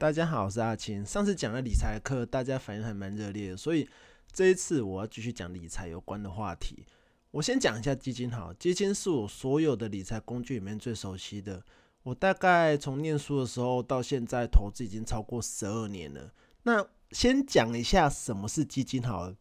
大家好，我是阿青。上次講了理財課，大家反應還蠻熱烈，所以這一次我要繼續講理財有關的話題。我先講一下基金好，基金是我所有的理財工具裡面最熟悉的。我大概從念書的時候到現在，投資已經超過十二年了。那先講一下什麼是基金好了。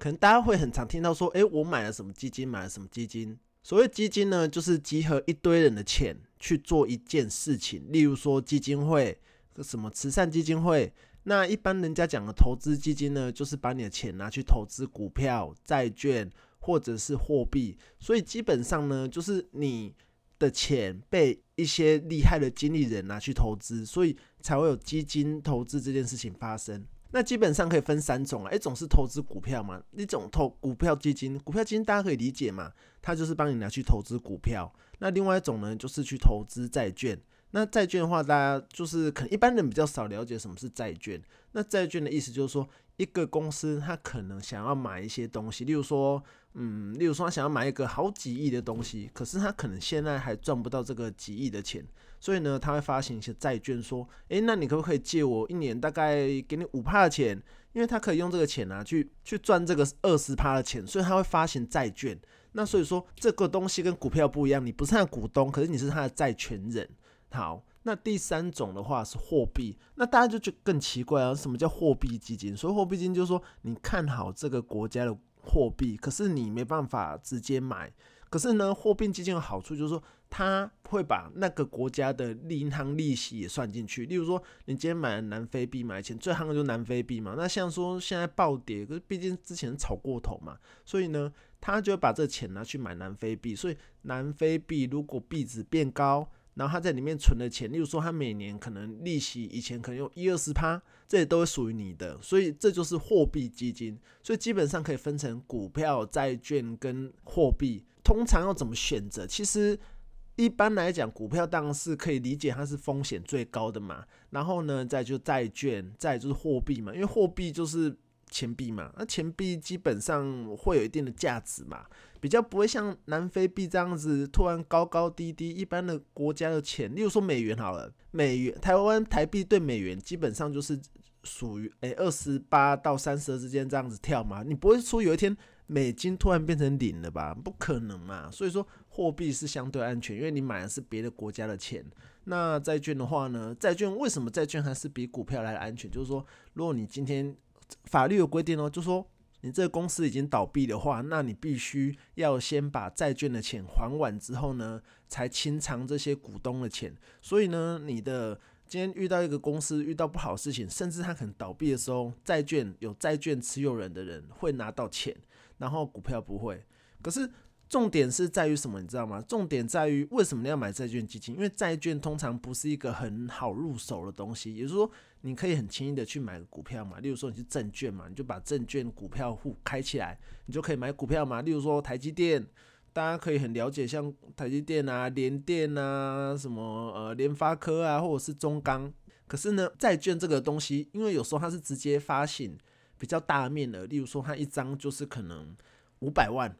可能大家會很常聽到說，誒、欸，我買了什麼基金，買了什麼基金。所謂基金呢，就是集合一堆人的錢去做一件事情，例如說基金會。什麼慈善基金會？那一般人家講的投資基金呢，就是把你的錢拿去投資股票、債券或者是貨幣。所以基本上呢，就是你的錢被一些厲害的經理人拿去投資，所以才會有基金投資這件事情發生。那基本上可以分三種啊，一種是投資股票嘛，一種投股票基金，股票基金大家可以理解嘛，它就是幫你拿去投資股票。那另外一種呢，就是去投資債券。那債券的話，大家就是可一般人比較少了解什麼是債券。那債券的意思就是說，一個公司他可能想要買一些東西，例如說，嗯，例如說，他想要買一個好幾億的東西，可是他可能現在還賺不到這個幾億的錢，所以呢，他會發行一些債券，說，哎，那你可不可以借我一年，大概給你五趴的錢？因為他可以用這個錢啊，去去賺這個二十趴的錢，所以他會發行債券。那所以說，這個東西跟股票不一樣，你不是他的股東，可是你是他的債權人。好，那第三種的話是貨幣。那大家就覺得更奇怪啊？什麼叫貨幣基金？所以貨幣基金就是說，你看好這個國家的貨幣，可是你沒辦法直接買。可是呢，貨幣基金有好處，就是說他會把那個國家的利銀行利息也算進去。例如說，你今天買南非幣買錢，最夯的就是南非幣嘛。那像說現在暴跌，可是畢竟之前炒過頭嘛，所以呢，他就會把這個錢拿去買南非幣。所以南非幣如果幣值變高。然後他在裡面存的錢，例如說他每年可能利息以前可能有一二十趴，這些都會屬於你的，所以這就是貨幣基金。所以基本上可以分成股票、債券跟貨幣。通常要怎麼選擇？其實一般來講，股票當然是可以理解它是風險最高的嘛。然後呢，再就債券，再就是貨幣嘛，因為貨幣就是。錢幣嘛，那錢幣基本上會有一定的價值嘛，比較不會像南非幣這樣子突然高高低低。一般的國家的錢，例如說美元好了，美元台灣台幣兌美元基本上就是屬於誒二十八到三十二之間這樣子跳嘛，你不會說有一天美金突然變成零了吧？不可能嘛，所以說貨幣是相對安全，因為你買的是別的國家的錢。那債券的話呢？債券為什麼債券還是比股票來的安全？就是說，如果你今天法律有規定哦，就說你這個公司已經倒閉的話，那你必須要先把債券的錢還完之後呢，才清償這些股東的錢。所以呢，你的今天遇到一個公司遇到不好的事情，甚至他可能倒閉的時候，債券有債券持有人的人會拿到錢，然後股票不會。可是。重點是在於什麼，你知道嗎？重點在於為什麼你要買債券基金？因為債券通常不是一個很好入手的東西，也就是說，你可以很輕易的去買股票嘛，例如說你是證券嘛，你就把證券股票戶開起來，你就可以買股票嘛。例如說台積電，大家可以很了解，像台積電啊、聯電啊、什麼呃聯發科啊，或者是中鋼。可是呢，債券這個東西，因為有時候它是直接發行比較大面額，例如說它一張就是可能五百萬。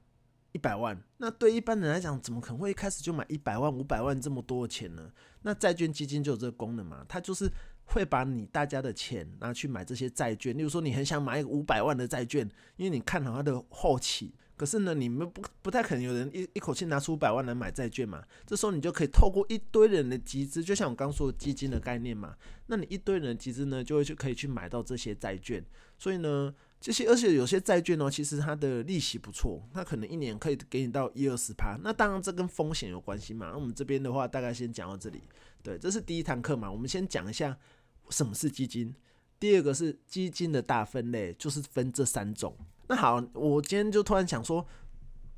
一百萬，那對一般人來講，怎麼可能會一開始就買一百萬、五百萬這麼多的錢呢？那債券基金就有這個功能嘛，它就是會把你大家的錢拿去買這些債券。例如說，你很想買一個五百萬的債券，因為你看好它的後期。可是呢，你們不不太可能有人一一口氣拿出五百萬來買債券嘛。這時候，你就可以透過一堆人的集資，就像我剛說的基金的概念嘛。那你一堆人的集資呢，就會去就可以去買到這些債券。所以呢。這些，而且有些債券呢、哦，其實它的利息不錯，它可能一年可以給你到一二十趴。那當然，這跟風險有關係嘛。那我們這邊的話，大概先講到這裡。對，這是第一堂課嘛，我們先講一下什麼是基金。第二個是基金的大分類，就是分這三種。那好，我今天就突然想說，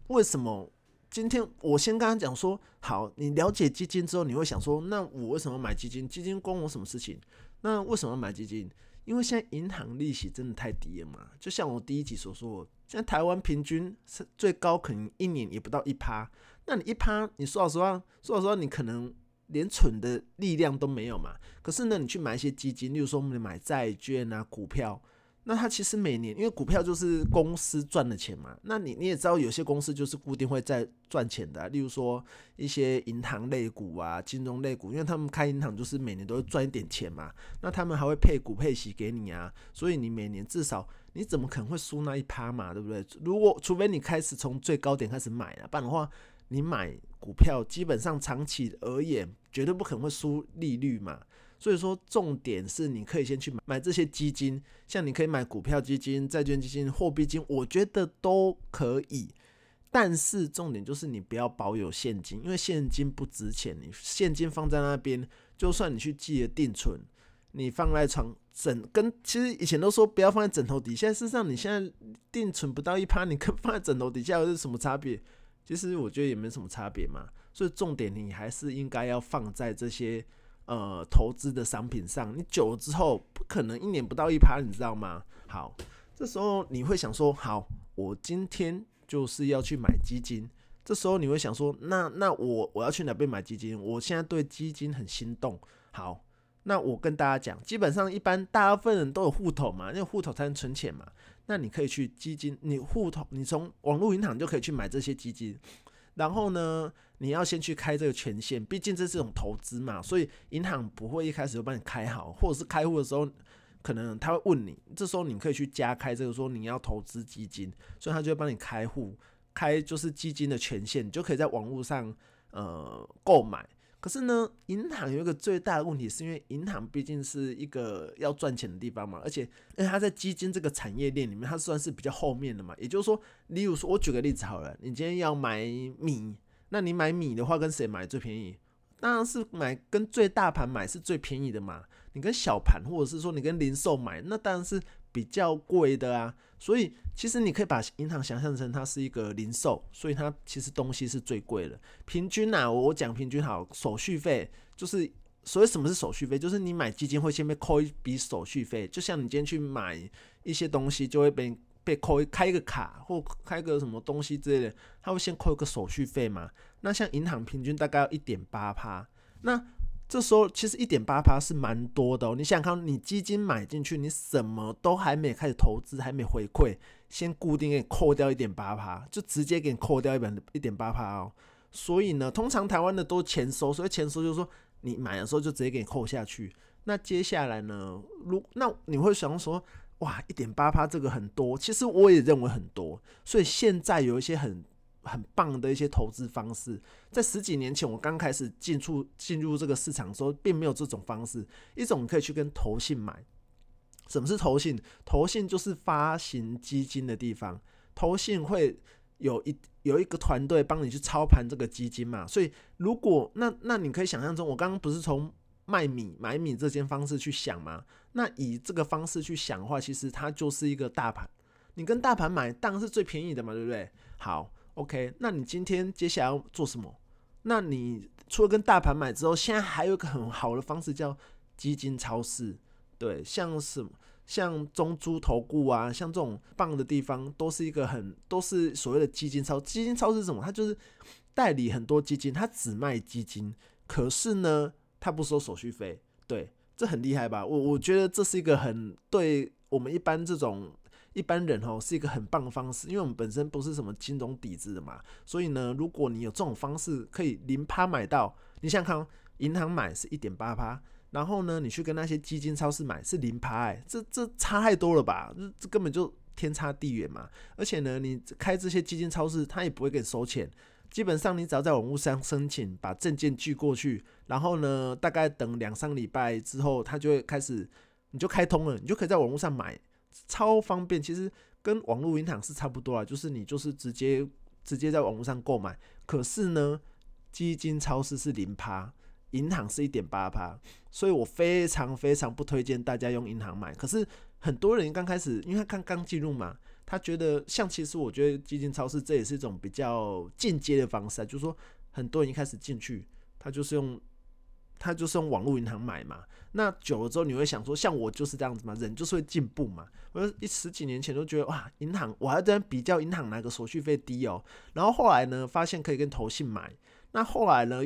為什麼今天我先剛剛講說，好，你了解基金之後，你會想說，那我為什麼買基金？基金關我什麼事情？那為什麼買基金？因為現在銀行利息真的太低了嘛，就像我第一集所說，在台灣平均是最高可能一年也不到一趴，那你一趴，你說老實話，說老實話，你可能連存的力量都沒有嘛。可是呢，你去買一些基金，例如說我們買債券啊、股票。那他其實每年，因為股票就是公司賺的錢嘛。那你你也知道，有些公司就是固定會在賺錢的啊，例如說一些銀行類股啊、金融類股，因為他們開銀行就是每年都會賺一點錢嘛。那他們還會配股配息給你啊，所以你每年至少你怎麼可能會輸那一趴嘛，對不對？如果除非你開始從最高點開始買了啊，不然的話，你買股票基本上長期而言絕對不可能會輸利率嘛。所以說，重點是你可以先去買買這些基金，像你可以買股票基金、債券基金、貨幣基金，我覺得都可以。但是重點就是你不要保有現金，因為現金不值錢。你現金放在那邊，就算你去借了定存，你放在床枕跟其實以前都說不要放在枕頭底下。事實上，你現在定存不到一趴，你跟放在枕頭底下有什麼差別？其實我覺得也沒什麼差別嘛。所以重點你還是應該要放在這些。呃，投資的商品上，你久了之後不可能一年不到一趴，你知道嗎？好，這時候你會想說，好，我今天就是要去買基金。這時候你會想說，那那我我要去哪邊買基金？我現在對基金很心動。好，那我跟大家講，基本上一般大部分人都有戶頭嘛，因為戶頭才能存錢嘛。那你可以去基金，你戶頭，你從網絡銀行就可以去買這些基金。然後呢，你要先去開這個權限，畢竟這是一種投資嘛，所以銀行不會一開始就幫你開好，或者是開戶的時候，可能他會問你，這時候你可以去加開這個說你要投資基金，所以他就會幫你開戶，開就是基金的權限，你就可以在網路上呃購買。可是呢，銀行有一個最大的問題，是因為銀行畢竟是一個要賺錢的地方嘛，而且，因為它在基金這個產業鏈裡面，它算是比較後面的嘛。也就是說，例如說，我舉個例子好了，你今天要買米，那你買米的話，跟誰買最便宜？當然是買跟最大盤買是最便宜的嘛。你跟小盤，或者是說你跟零售買，那當然是。比較貴的啊，所以其實你可以把銀行想象成它是一個零售，所以它其實東西是最貴的。平均啊。我講平均好，手續費就是，所以什麼是手續費？就是你買基金會先被扣一筆手續費，就像你今天去買一些東西就會被被扣，開個卡或開個什麼東西之類的，他會先扣一個手續費嘛。那像銀行平均大概要一點八趴，那。這時候其實一點八趴是蠻多的哦，你想看你基金買進去，你什麼都還沒開始投資，還沒回饋，先固定給你扣掉一點八趴，就直接給你扣掉一點一點八趴哦。所以呢，通常台灣的都前收，所以前收就是說你買的時候就直接給你扣下去。那接下來呢，如，那你會想說，哇，一點八趴這個很多，其實我也認為很多。所以現在有一些很。很棒的一些投資方式，在十幾年前我剛開始進出進入這個市場的時候，並沒有這種方式。一種可以去跟投信買，什麼是投信？投信就是發行基金的地方，投信會有一有一個團隊幫你去操盤這個基金嘛。所以如果那那你可以想象中，我剛剛不是從賣米買米這間方式去想嘛？那以這個方式去想的話，其實它就是一個大盤，你跟大盤買當然是最便宜的嘛，對不對？好。OK，那你今天接下來要做什麼？那你除了跟大盤買之後，現在還有一個很好的方式叫基金超市。對，像什麼？像中租投顧啊，像這種棒的地方，都是一個很都是所謂的基金超基金超市。超市是什麼？它就是代理很多基金，它只賣基金，可是呢，它不收手續費。對，這很厲害吧？我我覺得這是一個很對我們一般這種。一般人哦，是一個很棒的方式，因為我們本身不是什麼金融底子的嘛，所以呢，如果你有這種方式，可以零趴買到。你想看，銀行買是一點八趴，然後呢，你去跟那些基金超市買是零趴，哎、欸，這這差太多了吧？這這根本就天差地遠嘛。而且呢，你開這些基金超市，他也不會給你收錢。基本上你只要在網絡上申請，把證件寄過去，然後呢，大概等兩三禮拜之後，他就會開始，你就開通了，你就可以在網絡上買。超方便，其實跟網絡銀行是差不多啊。就是你就是直接直接在網絡上購買。可是呢，基金超市是零趴，銀行是一點八趴，所以我非常非常不推薦大家用銀行買。可是很多人剛開始，因為他剛剛進入嘛，他覺得像其實我覺得基金超市這也是一種比較進階的方式，就是說很多人一開始進去，他就是用。他就是用網絡銀行買嘛，那久了之後你會想說，像我就是這樣子嘛，人就是會進步嘛。我就一十幾年前就覺得哇，銀行我還在比較銀行哪個手續費低哦、喔，然後後來呢，發現可以跟投信買，那後來呢，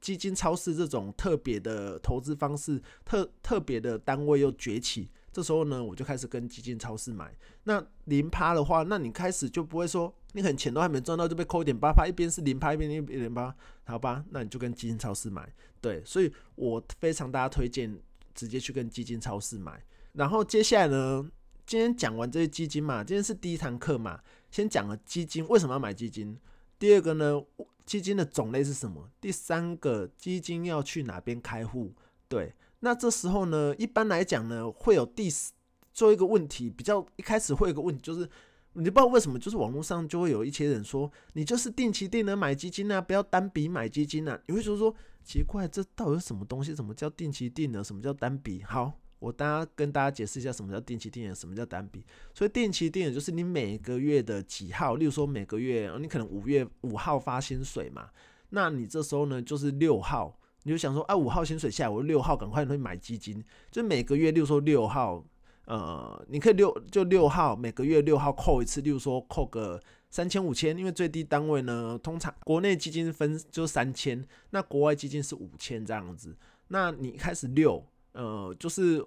基金超市這種特別的投資方式，特特別的單位又崛起，這時候呢，我就開始跟基金超市買。那零趴的話，那你開始就不會說。你很錢都還沒賺到就被扣一點八趴。一邊是零趴，一邊是一點八，好吧，那你就跟基金超市買。對，所以我非常大家推薦直接去跟基金超市買。然後接下來呢，今天講完這些基金嘛，今天是第一堂課嘛，先講了基金為什麼要買基金，第二個呢，基金的種類是什麼？第三個基金要去哪邊開戶？對，那這時候呢，一般來講呢，會有第做一個問題比較一開始會有一個問題就是。你不知道為什麼，就是網絡上就會有一些人說，你就是定期定額買基金啊，不要單筆買基金啊。你會覺得說奇怪，這到底是什麼東西？什麼叫定期定額？什麼叫單筆？好，我大家跟大家解釋一下什麼叫定期定額，什麼叫單筆。所以定期定額就是你每個月的幾號，例如說每個月你可能五月五號發薪水嘛，那你這時候呢就是六號，你就想說啊，五號薪水下來，我六號趕快會買基金，就每個月例如說六號。呃，你可以六，就六號，每個月六號扣一次，例如說扣個三千五千，因為最低單位呢，通常國內基金分就三千，那國外基金是五千這樣子。那你一開始六，呃，就是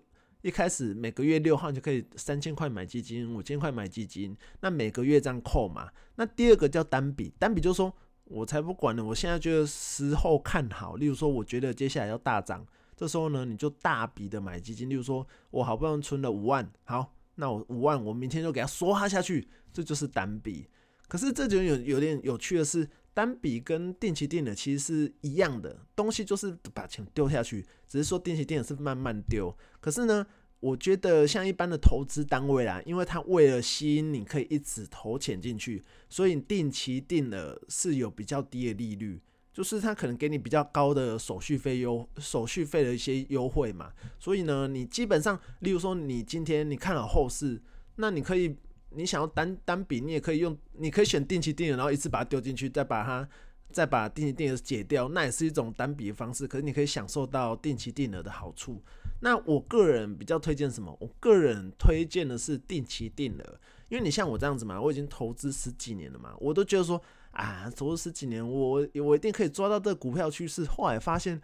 一開始每個月六號你就可以三千塊買基金，五千塊買基金，那每個月這樣扣嘛。那第二個叫單筆，單筆就是說我才不管呢，我現在就時候看好，例如說我覺得接下來要大漲。這時候呢，你就大筆的買基金，例如說，我好不容易存了五萬，好，那我五萬，我明天就給它梭哈下去，這就是單筆。可是這就有有點有趣的是，單筆跟定期定額其實是一樣的東西，就是把錢丟下去，只是說定期定額是慢慢丟。可是呢，我覺得像一般的投資單位啦，因為他為了吸引你，可以一直投錢進去，所以定期定額是有比較低的利率。就是他可能給你比較高的手續費優手續費的一些優惠嘛，所以呢，你基本上，例如說你今天你看了後市，那你可以，你想要單單筆，你也可以用，你可以選定期定額，然後一次把它丟進去，再把它再把定期定額解掉，那也是一種單筆的方式，可是你可以享受到定期定額的好處。那我個人比較推薦什麼？我個人推薦的是定期定額，因為你像我這樣子嘛，我已經投資十幾年了嘛，我都覺得說。啊！做了十幾年，我我一定可以抓到這個股票趨勢。後來發現，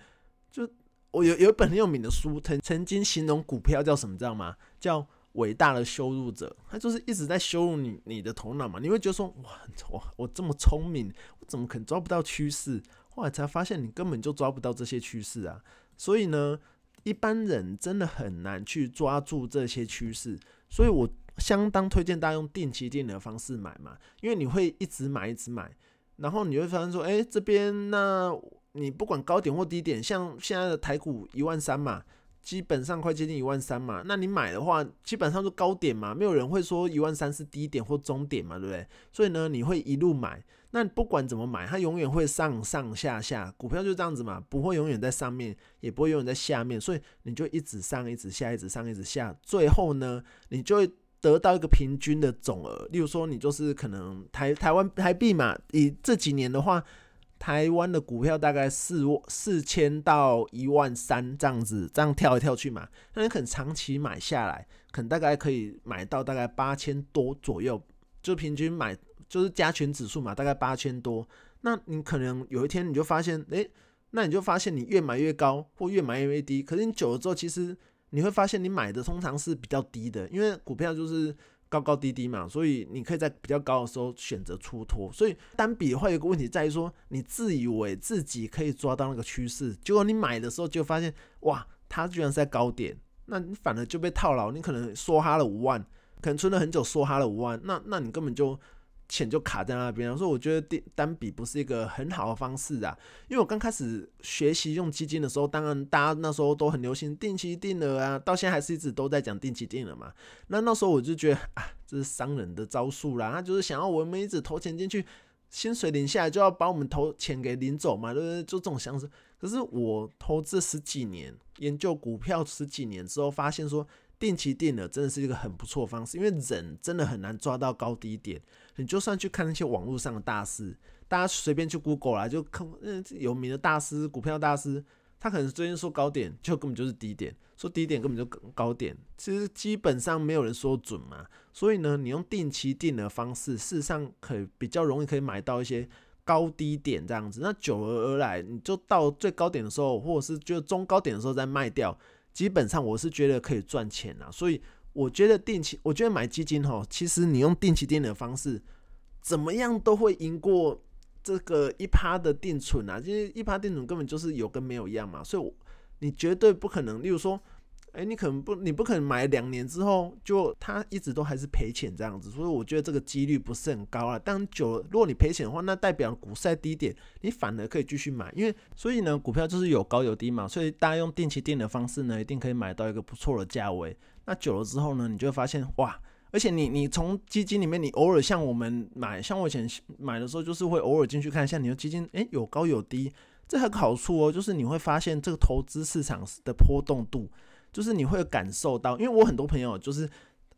就我有有一本很有名的書，曾曾經形容股票叫什麼？知道嗎？叫“偉大的羞辱者”。他就是一直在羞辱你你的頭腦嘛。你會覺得說，哇，我我這麼聰明，我怎麼可能抓不到趨勢？後來才發現，你根本就抓不到這些趨勢啊。所以呢，一般人真的很難去抓住這些趨勢。所以，我。相當推薦大家用定期定額的方式買嘛，因為你會一直買一直買，然後你會發現說，誒、欸，這邊那你不管高點或低點，像現在的台股一萬三嘛，基本上快接近一萬三嘛，那你買的話基本上就高點嘛，沒有人會說一萬三是低點或中點嘛，對不對？所以呢，你會一路買，那不管怎麼買，它永遠會上上下下，股票就這樣子嘛，不會永遠在上面，也不會永遠在下面，所以你就一直上一直下一直上一直下，最後呢，你就會得到一個平均的總額，例如說，你就是可能台台灣台幣嘛，以這幾年的話，台灣的股票大概四四千到一萬三這樣子，這樣跳來跳去嘛，那你可能長期買下來，可能大概可以買到大概八千多左右，就平均買就是加權指數嘛，大概八千多，那你可能有一天你就發現，哎、欸，那你就發現你越買越高或越買越低，可是你久了之後其實。你會發現，你買的通常是比較低的，因為股票就是高高低低嘛，所以你可以在比較高的時候選擇出脫。所以單筆會有一個問題在於說，你自以為自己可以抓到那個趨勢，結果你買的時候就發現，哇，它居然是在高點，那你反而就被套牢，你可能梭哈了五萬，可能存了很久梭哈了五萬，那那你根本就。錢就卡在那邊，所以我覺得單筆不是一個很好的方式啊。因為我剛開始學習用基金的時候，當然大家那時候都很流行定期定額啊，到現在還是一直都在講定期定額嘛。那那時候我就覺得啊，這是商人的招數啦，他就是想要我們一直投錢進去，薪水領下來就要把我們投錢給領走嘛，就是就這種想法。可是我投資十幾年研究股票十幾年之後，發現說。定期定額真的是一個很不錯的方式，因為人真的很難抓到高低點。你就算去看那些網絡上的大師，大家隨便去 Google 啦、啊，就看、嗯、有名的大師，股票大師，他可能最近說高點，就根本就是低點；說低點，根本就高點。其實基本上沒有人說準嘛。所以呢，你用定期定額的方式，事實上可以比較容易可以買到一些高低點這樣子。那久而而來，你就到最高點的時候，或者是就中高點的時候再賣掉。基本上我是覺得可以賺錢啊，所以我覺得定期，我覺得買基金哈，其實你用定期定額的方式，怎麼樣都會贏過這個一趴的定存啊，因為一趴定存根本就是有跟沒有一樣嘛，所以我，你絕對不可能，例如說。哎、欸，你可能不，你不可能買兩年之後就它一直都還是賠錢這樣子，所以我覺得這個幾率不是很高啊。但久了，如果你賠錢的話，那代表股市在低點，你反而可以繼續買，因為所以呢，股票就是有高有低嘛。所以大家用定期定額的方式呢，一定可以買到一個不錯的價位。那久了之後呢，你就會發現哇，而且你你從基金裡面，你偶爾像我們買，像我以前買的時候，就是會偶爾進去看一下你的基金，哎、欸，有高有低，這很好處哦，就是你會發現這個投資市場的波動度。就是你會感受到，因為我很多朋友就是，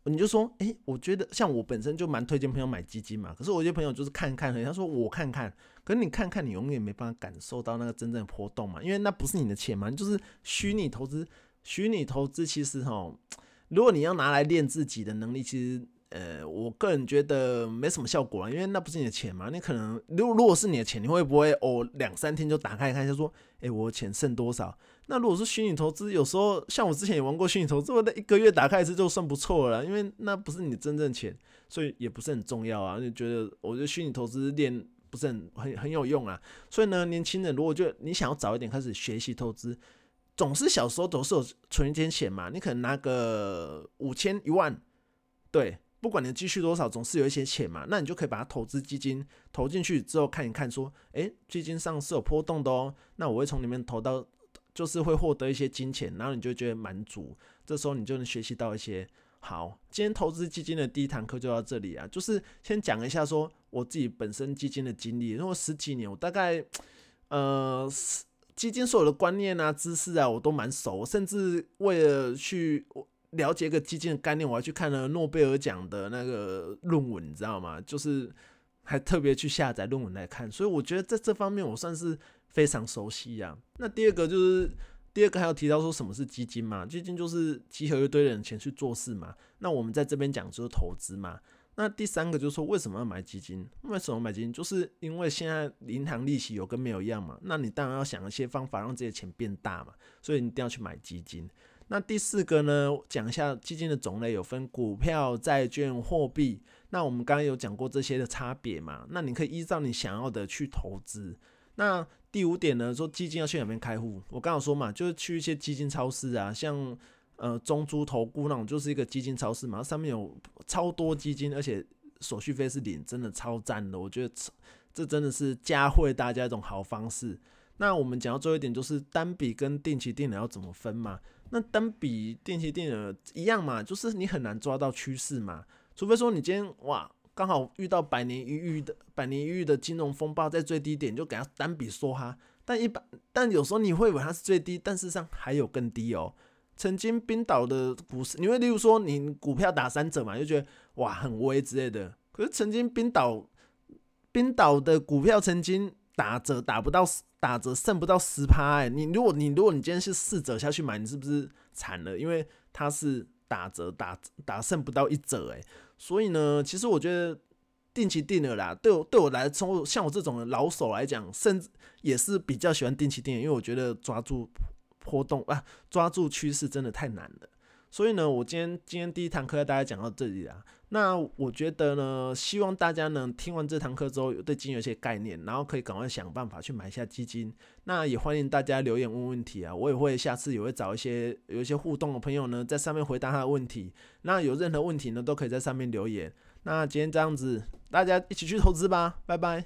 你就說，誒、欸,我覺得像我本身就蠻推薦朋友買基金嘛。可是我一些朋友就是看看，他說我看看，可是你看看，你永遠沒辦法感受到那個真正的波動嘛，因為那不是你的錢嘛，就是虛擬投資。虛擬投資其實哈，如果你要拿來練自己的能力，其實。呃，我個人覺得沒什麼效果啊，因為那不是你的錢嘛。你可能如果，如果是你的錢，你會不會哦兩三天就打開看一下說，哎、欸，我錢剩多少？那如果是虛擬投資，有時候像我之前也玩過虛擬投資，我那一個月打開一次就算不錯了啦，因為那不是你真正錢，所以也不是很重要啊。就覺得，我覺得虛擬投資練不是很很很有用啊。所以呢，年輕人如果就你想要早一點開始學習投資，總是小時候總是有存一點錢嘛，你可能拿個五千一萬，對。不管你積蓄多少，總是有一些錢嘛，那你就可以把它投資基金，投進去之後看一看，說，誒，基金上是有波動的哦，那我會從裡面投到，就是會獲得一些金錢，然後你就覺得滿足，這時候你就能學習到一些。好，今天投資基金的第一堂課就到這裡啊，就是先講一下說我自己本身基金的經歷，因為我十幾年，我大概，呃，基金所有的觀念啊、知識啊，我都蠻熟，甚至為了去我。了解個基金的概念，我還去看了諾貝爾獎的那個論文，你知道嗎？就是還特別去下載論文來看，所以我覺得在這方面我算是非常熟悉呀、啊。那第二個就是，第二個還有提到說什麼是基金嘛？基金就是集合一堆人的錢去做事嘛。那我們在這邊講就是投資嘛。那第三個就是說，為什麼要買基金？為什麼買基金？就是因為現在銀行利息有跟沒有一樣嘛。那你當然要想一些方法讓這些錢變大嘛，所以你一定要去買基金。那第四個呢，講一下基金的種類，有分股票、債券、貨幣。那我們剛剛有講過這些的差別嘛。那你可以依照你想要的去投資。那第五點呢，說基金要去哪邊開戶？我剛剛說嘛，就是去一些基金超市啊，像呃中珠投顧中租投顧那種就是一個基金超市嘛，上面有超多基金，而且手續費是零，真的超讚的。我覺得這真的是教會大家一種好方式。那我們講到最後一點，就是單筆跟定期定額要怎麼分嘛？那單筆定期定額一樣嘛，就是你很難抓到趨勢嘛，除非說你今天哇，剛好遇到百年一遇的，百年一遇的金融風暴，在最低點就給他單筆梭哈。但一般，但有時候你會以為它是最低，但事實上還有更低哦。曾經冰島的股市，你會例如說你股票打三折嘛，就覺得哇很威之類的。可是曾經冰島，冰島的股票曾經打折打不到，打折剩不到十趴哎，欸、你如果你如果你今天是四折下去買，你是不是慘了？因為它是打折打打剩不到一折哎、欸，所以呢，其實我覺得定期定了啦，對我對我來從像我這種老手來講，甚至也是比較喜歡定期定，因為我覺得抓住波動啊，抓住趨勢真的太難了。所以呢，我今天今天第一堂課大家講到這裡啦。那我覺得呢，希望大家呢聽完這堂課之後有對基金有些概念，然後可以趕快想辦法去買一下基金。那也歡迎大家留言問問題啊，我也會下次也會找一些有一些互動的朋友呢在上面回答他的問題。那有任何問題呢都可以在上面留言。那今天這樣子，大家一起去投資吧，拜拜。